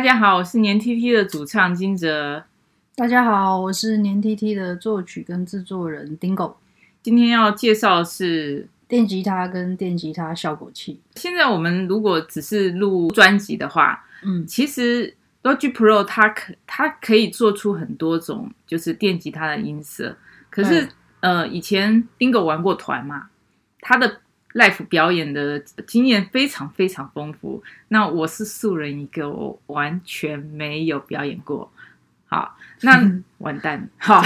大家好，我是黏 tt 的主唱驚蟄。大家好，我是黏 tt 的作曲跟製作人 Dingo。今天要介紹的是電吉他跟電吉他效果器。現在我們如果只是錄專輯的話，嗯，其實 Logic Pro 它可它可以做出很多種就是電吉他的音色。可是對呃，以前 Dingo 玩過團嘛，他的。Live 表演的經驗非常非常豐富，那我是素人一個，我完全沒有表演過。好，那、嗯、完蛋。好，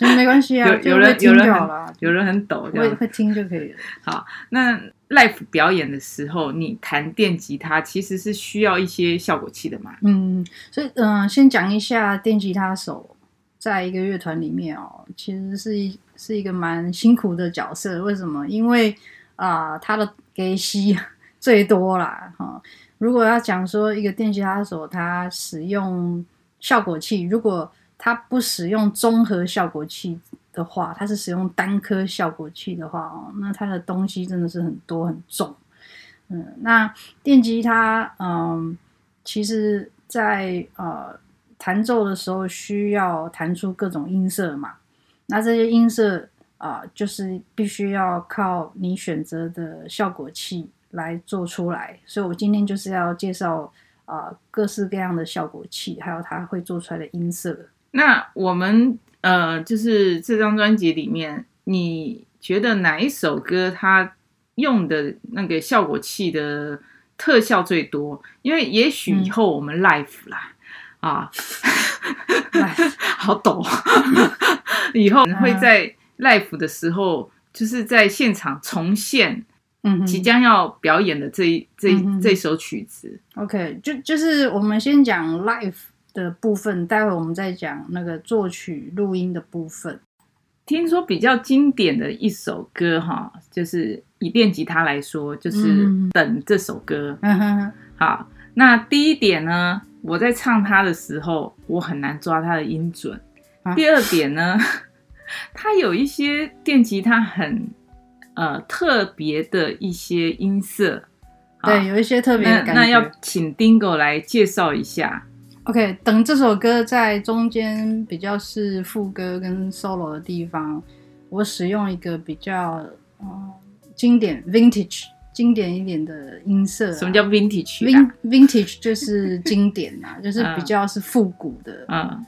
沒關係啊有，有人有人有人很抖，會會聽就可以了。好，那 Live 表演的時候，你彈電吉他其實是需要一些效果器的嘛？嗯，所以嗯、呃，先講一下電吉他手在一個樂團裡面哦，其實是一是一個蠻辛苦的角色。為什麼？因為啊，它的給息最多啦。哦，如果要講說一個電吉他手，他使用效果器，如果他不使用綜合效果器的話，他是使用單顆效果器的話哦，那他的東西真的是很多很重。嗯，那電吉他，嗯，其實在，在呃彈奏的時候需要彈出各種音色嘛，那這些音色。啊、呃，就是必須要靠你選擇的效果器來做出來，所以我今天就是要介紹啊、呃、各式各樣的效果器，還有它會做出來的音色。那我們呃，就是這張專輯裡面，你覺得哪一首歌它用的那個效果器的特效最多？因為也許以後我們 live 啦，嗯、啊， 好抖陡， 以後會在。Live 的時候就是在現場重現，嗯，即將要表演的這一這這首曲子。OK，就就是我們先講 Live 的部分，待會我們再講那個作曲錄音的部分。聽說比較經典的一首歌哈，就是以電吉他來說，就是《等》這首歌。嗯哼。 好，那第一點呢，我在唱它的時候，我很難抓它的音準。啊、第二點呢。 它有一些電吉他很，呃，特別的一些音色，啊、對，有一些特別的感覺那。那要請 Dingo 來介紹一下。OK，等這首歌在中間比較是副歌跟 solo 的地方，我使用一個比較、呃、經典 vintage 經典一點的音色，啊。什麼叫 vintage？vintage、啊、Vin, 就是經典啊， 就是比較是復古的。嗯嗯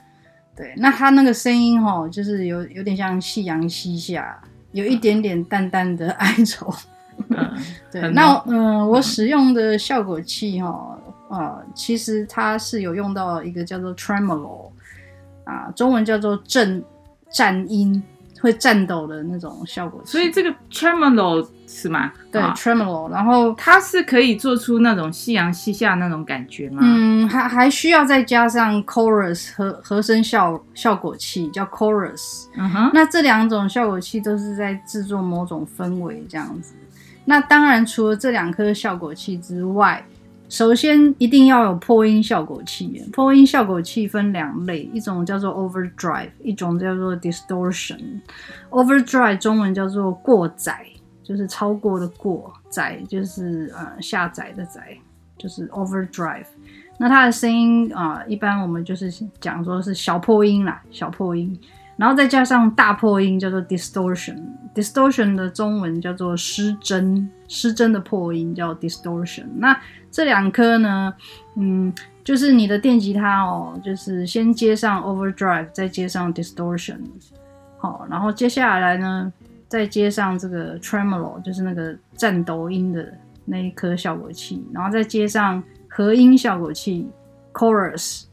對，那它那個聲音哈、哦，就是有有點像夕陽西下，有一點點淡淡的哀愁。 對，嗯那嗯、呃，我使用的效果器哈、哦、啊、呃，其實它是有用到一個叫做 tremolo，啊、呃，中文叫做震顫音。會顫抖的那種效果器，所以這個 tremolo 是嗎？對、哦、tremolo，然後它是可以做出那種夕陽西下那種感覺嗎？嗯，還還需要再加上 chorus 和和聲效效果器，叫 chorus。嗯哼，那這兩種效果器都是在制作某種氛圍這樣子。那當然，除了這兩顆效果器之外。首先，一定要有破音效果器。破音效果器分兩類，一種叫做 overdrive，一種叫做 distortion。Overdrive 中文叫做過載，就是超過的過載，就是呃下載的載，就是 overdrive。那它的聲音啊、呃，一般我們就是講說是小破音啦，小破音。然後再加上大破音，叫做 distortion。Distortion 的中文叫做失真，失真的破音叫 distortion。那這兩顆呢，嗯，就是你的電吉他哦，就是先接上 overdrive，再接上 distortion，好，然後接下來呢，再接上這個 tremolo，就是那個顫抖音的那一顆效果器，然後再接上和音效果器 chorus，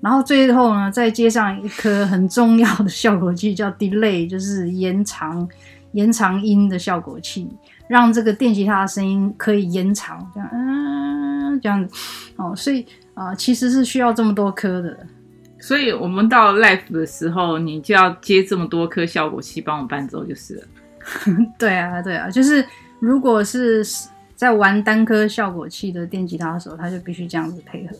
然後最後呢，再接上一顆很重要的效果器叫 delay，就是延長延長音的效果器，讓這個電吉他的聲音可以延長，這樣嗯。這樣子哦，所以啊、呃，其實是需要這麼多顆的。所以我們到 live 的時候，你就要接這麼多顆效果器幫我伴奏就是了。 對啊，對啊，就是如果是在玩單顆效果器的電吉他的時候，它就必須這樣子配合。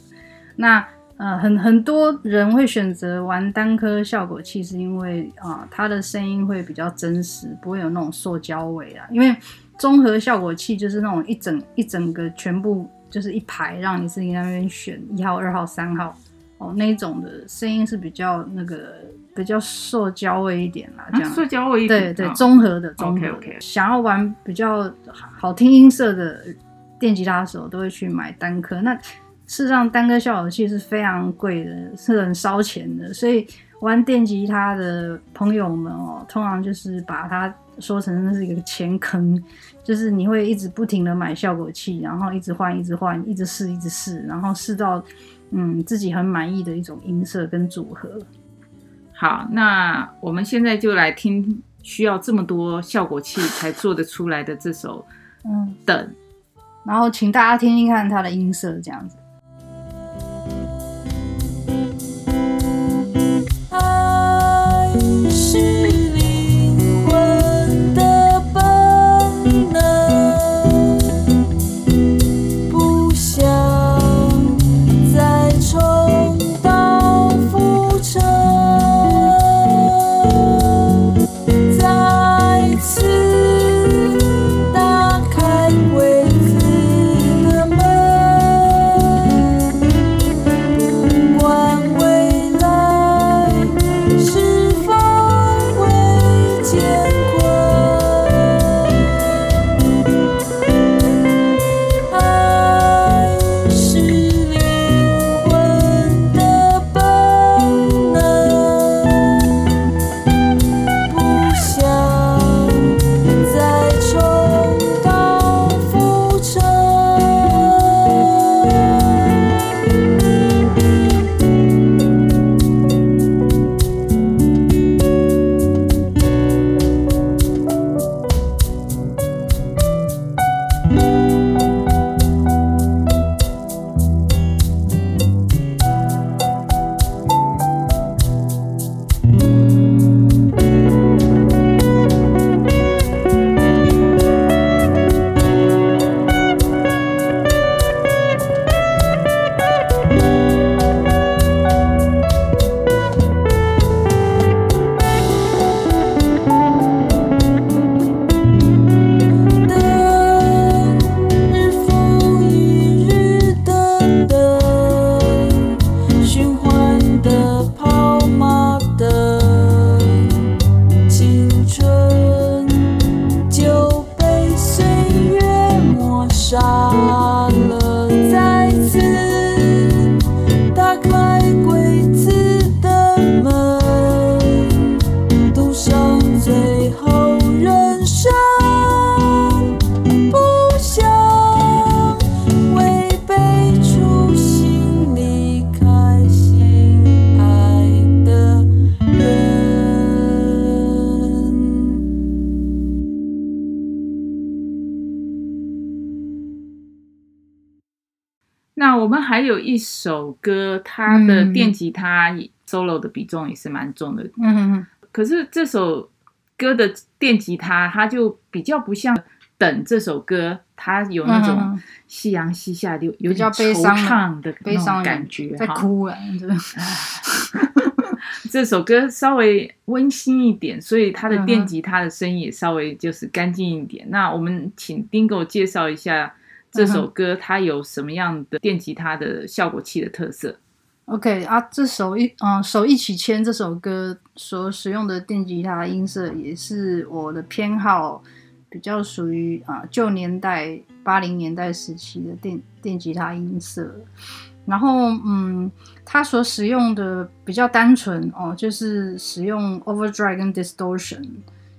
那呃，很很多人會選擇玩單顆效果器，是因為啊、呃，它的聲音會比較真實，不會有那種塑膠味啊。因為綜合效果器就是那種一整一整個全部。就是一排讓你自己在那邊選一號、二號、三號哦，那種的聲音是比較那個比較塑膠味一點啦，這樣、啊、塑膠味一點，對對，綜合的、啊、綜合的。Okay, okay 想要玩比較好聽音色的電吉他的時候，都會去買單顆。那事實上，單顆效果器是非常貴的，是很燒錢的。所以玩電吉他的朋友們哦，通常就是把它。說成是一個錢坑，就是你會一直不停的買效果器，然後一直換，一直換，一直試，一直試，然後試到嗯自己很滿意的一種音色跟組合。好，那我們現在就來聽需要這麼多效果器才做得出來的這首嗯等，然後請大家聽聽看它的音色這樣子。還有一首歌，它的電吉他、嗯、solo 的比重也是蠻重的。嗯哼哼。可是這首歌的電吉他，它就比較不像《等》這首歌，它有那種夕陽西下就、嗯、有點比較悲傷的悲傷感覺。好在哭了、啊， 這首歌稍微溫馨一點，所以它的電吉他的聲音也稍微就是乾淨一點。嗯、哼那我們請 Dingo 介紹一下。這首歌它有什麼樣的電吉他的效果器的特色？OK 啊，這首一嗯，手一起牽這首歌所使用的電吉他音色也是我的偏好，比較屬於啊舊年代八零年代時期的電電吉他音色。然後嗯，它所使用的比較單純哦，就是使用 overdrive 跟 distortion，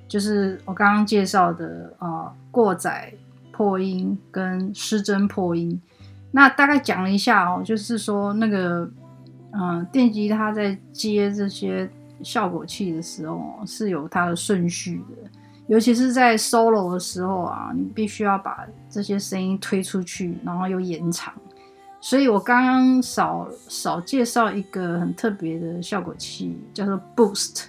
就是我剛剛介紹的啊過載。破音跟失真破音，那大概講了一下哦，就是說那個，嗯，電吉他在接這些效果器的時候哦，是有它的順序的，尤其是在 solo 的時候啊，你必須要把這些聲音推出去，然後又延長。所以我剛剛少少介紹一個很特別的效果器，叫做 boost。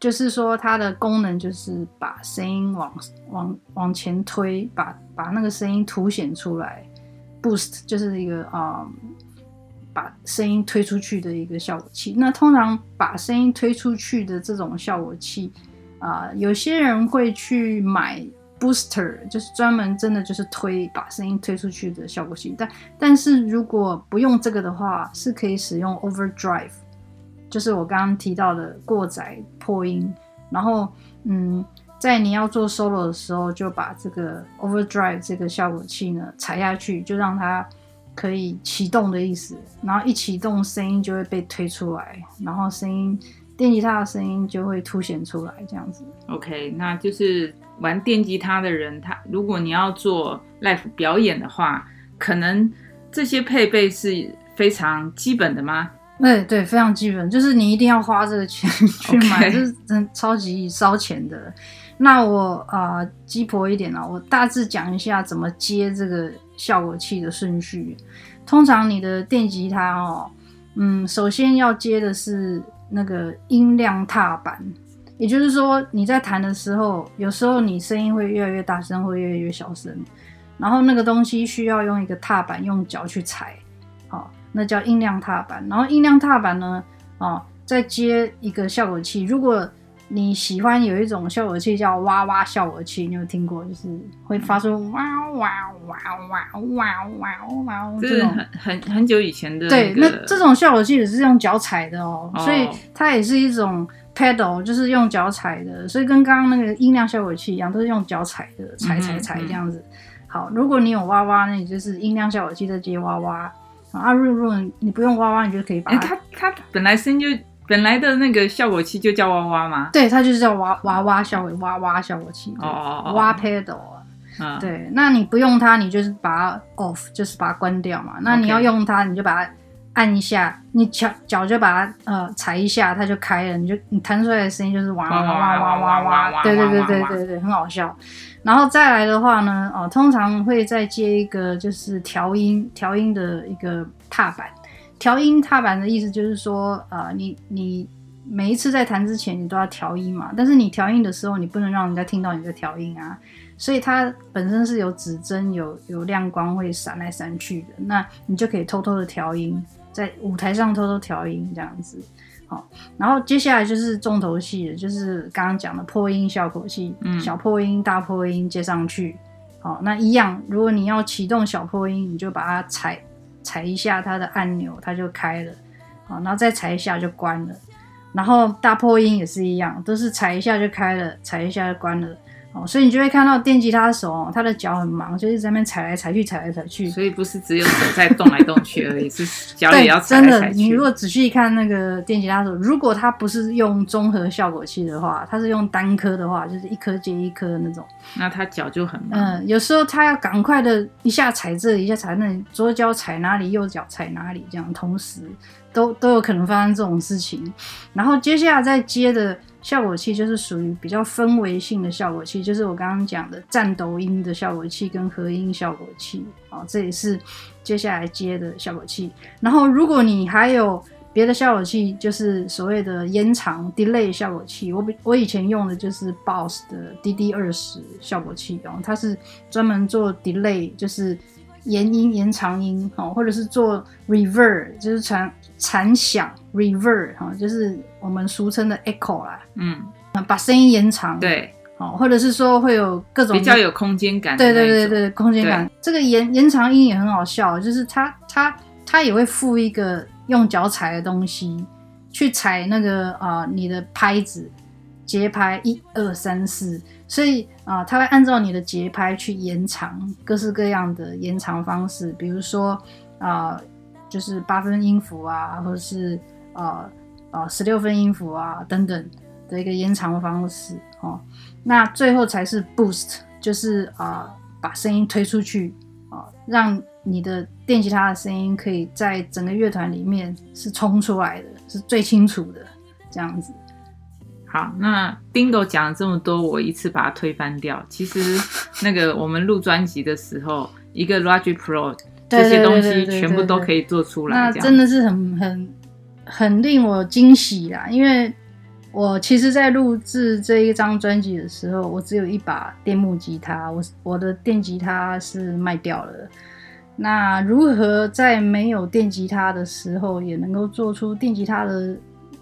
就是說，它的功能就是把聲音往往往前推，把把那個聲音凸顯出來。Boost 就是一個啊、嗯，把聲音推出去的一個效果器。那通常把聲音推出去的這種效果器啊、呃，有些人會去買 Booster，就是專門真的就是推把聲音推出去的效果器。但但是如果不用這個的話，是可以使用 Overdrive。就是我剛剛提到的過載破音，然後嗯，在你要做 solo 的時候，就把這個 overdrive 這個效果器呢踩，下去，就讓它可以啟動的意思。然後一啟動，聲音就會被推出來，然後聲音電吉他的聲音就會凸顯出來，這樣子。OK，那就是玩電吉他的人，他如果你要做 live 表演的話，可能這些配備是非常基本的嗎？對對，非常基本，就是你一定要花這個錢去買，Okay 就是真超級燒錢的。那我啊，呃、雞婆一點啊，我大致講一下怎麼接這個效果器的順序。通常你的電吉他哦，嗯，首先要接的是那個音量踏板，也就是說你在彈的時候，有時候你聲音會越來越大聲，會越來越小聲，然後那個東西需要用一個踏板用腳去踩，好、哦。那叫音量踏板，然後音量踏板呢，哦，再接一個效果器。如果你喜歡有一種效果器叫“哇哇”效果器，你有聽過？就是會發出哇哦哇哦哇哦哇哦哇哦哇哦，這種很很很久以前的那個。對，那這種效果器也是用腳踩的哦，哦。所以它也是一種 pedal，就是用腳踩的，所以跟剛剛那個音量效果器一樣，都是用腳踩的，踩踩踩踩，這樣子。嗯，嗯。好，如果你有“哇哇”，那你就是音量效果器再接“哇哇”。啊，潤潤，你不用哇哇，你就可以把。哎、欸，它它本來生就本來的那個效果器就叫哇哇嗎？對，它就是叫哇哇哇效果，哇哇效果器，哇 pedal 啊。對，那你不用它，你就是把它 off，就是把它關掉嘛。那你要用它，Okay. 你就把它。按一下，你腳腳就把它呃踩一下，它就開了，你就你彈出來的聲音就是哇哇哇哇哇哇，哇哇，對對對對對對，哇哇很好笑。然後再來的話呢，哦、呃，通常會再接一個就是調音調音的一個踏板。調音踏板的意思就是說，呃，你你每一次在彈之前，你都要調音嘛。但是你調音的時候，你不能讓人家聽到你在調音啊。所以它本身是有指針，有有亮光會閃來閃去的，那你就可以偷偷的調音。在舞台上偷偷調音這樣子，好，然後接下來就是重頭戲了，就是剛剛講的破音效果器，嗯、小破音、大破音接上去，好，那一樣，如果你要啟動小破音，你就把它踩踩一下它的按鈕，它就開了，好，然後再踩一下就關了，然後大破音也是一樣，都是踩一下就開了，踩一下就關了。哦，所以你就會看到電吉他手哦，他的腳很忙，就是在那邊踩來踩去，踩來踩去。所以不是只有手在動來動去而已， 是腳也要踩來踩去。對，真的。你如果仔細看那個電吉他手，如果他不是用綜合效果器的話，他是用單顆的話，就是一顆接一顆那種。那他腳就很忙。嗯、呃，有時候他要趕快的一下踩這裡，一下踩那裡，左腳踩哪裡，右腳踩哪裡，這樣同時都都有可能發生這種事情。然後接下來再接着。效果器就是屬於比較氛圍性的效果器，就是我剛剛講的顫抖音的效果器跟和音效果器，好、哦，這也是接下來接的效果器。然後，如果你還有別的效果器，就是所謂的延長 delay 效果器，我比我以前用的就是 BOSS 的 DD 二十效果器，後、哦、它是專門做 delay，就是延音、延長音，哦，或者是做 reverse，就是傳。殘響 reverse、哦、就是我們俗稱的 echo 啦。嗯，把聲音延長。對，好、哦，或者是說會有各種比較有空間感的。對對對對，空間感。對這個延延長音也很好笑，就是它它它也會附一個用腳踩的東西去踩那個啊、呃，你的拍子節拍一二三四，所以啊、呃，它會按照你的節拍去延長各式各樣的延長方式，比如說啊。呃就是八分音符啊，或者是呃呃十六分音符啊等等的一個延長方式哦。那最後才是 boost，就是啊，呃，把聲音推出去哦，讓你的電吉他的聲音可以在整個樂團裡面是衝出來的，是最清楚的這樣子。好，那 Dingo 講了這麼多，我一次把它推翻掉。其實那個我們錄專輯的時候，一個 Logic Pro。這些東西全部都可以做出來，那真的是很很很令我驚喜啦！因為我其實在錄製這一張專輯的時候，我只有一把電木吉他，我我的電吉他是賣掉了。那如何在沒有電吉他的時候，也能夠做出電吉他的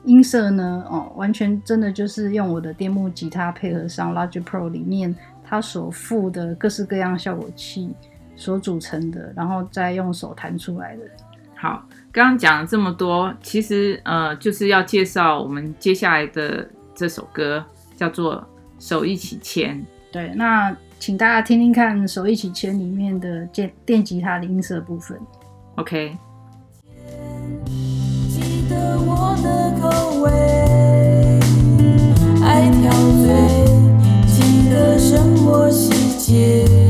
音色呢？哦，完全真的就是用我的電木吉他配合上 Logic Pro 裡面它所附的各式各樣效果器。所組成的，然後再用手彈出來的。好，剛剛講了這麼多，其實呃就是要介紹我們接下來的這首歌，叫做《手一起牽》。對，那請大家聽聽看《手一起牽》裡面的電電吉他的音色部分。OK。記得我的口味，愛挑嘴，記得生活細節。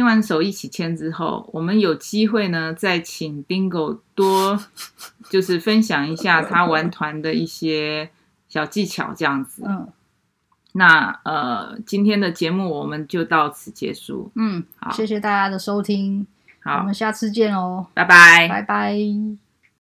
簽完手一起簽之後，我們有機會呢，再請 Dingo 多就是分享一下他玩團的一些小技巧，這樣子。嗯，那呃，今天的節目我們就到此結束。嗯，好，謝謝大家的收聽。好，我們下次見哦。拜拜 bye，拜拜。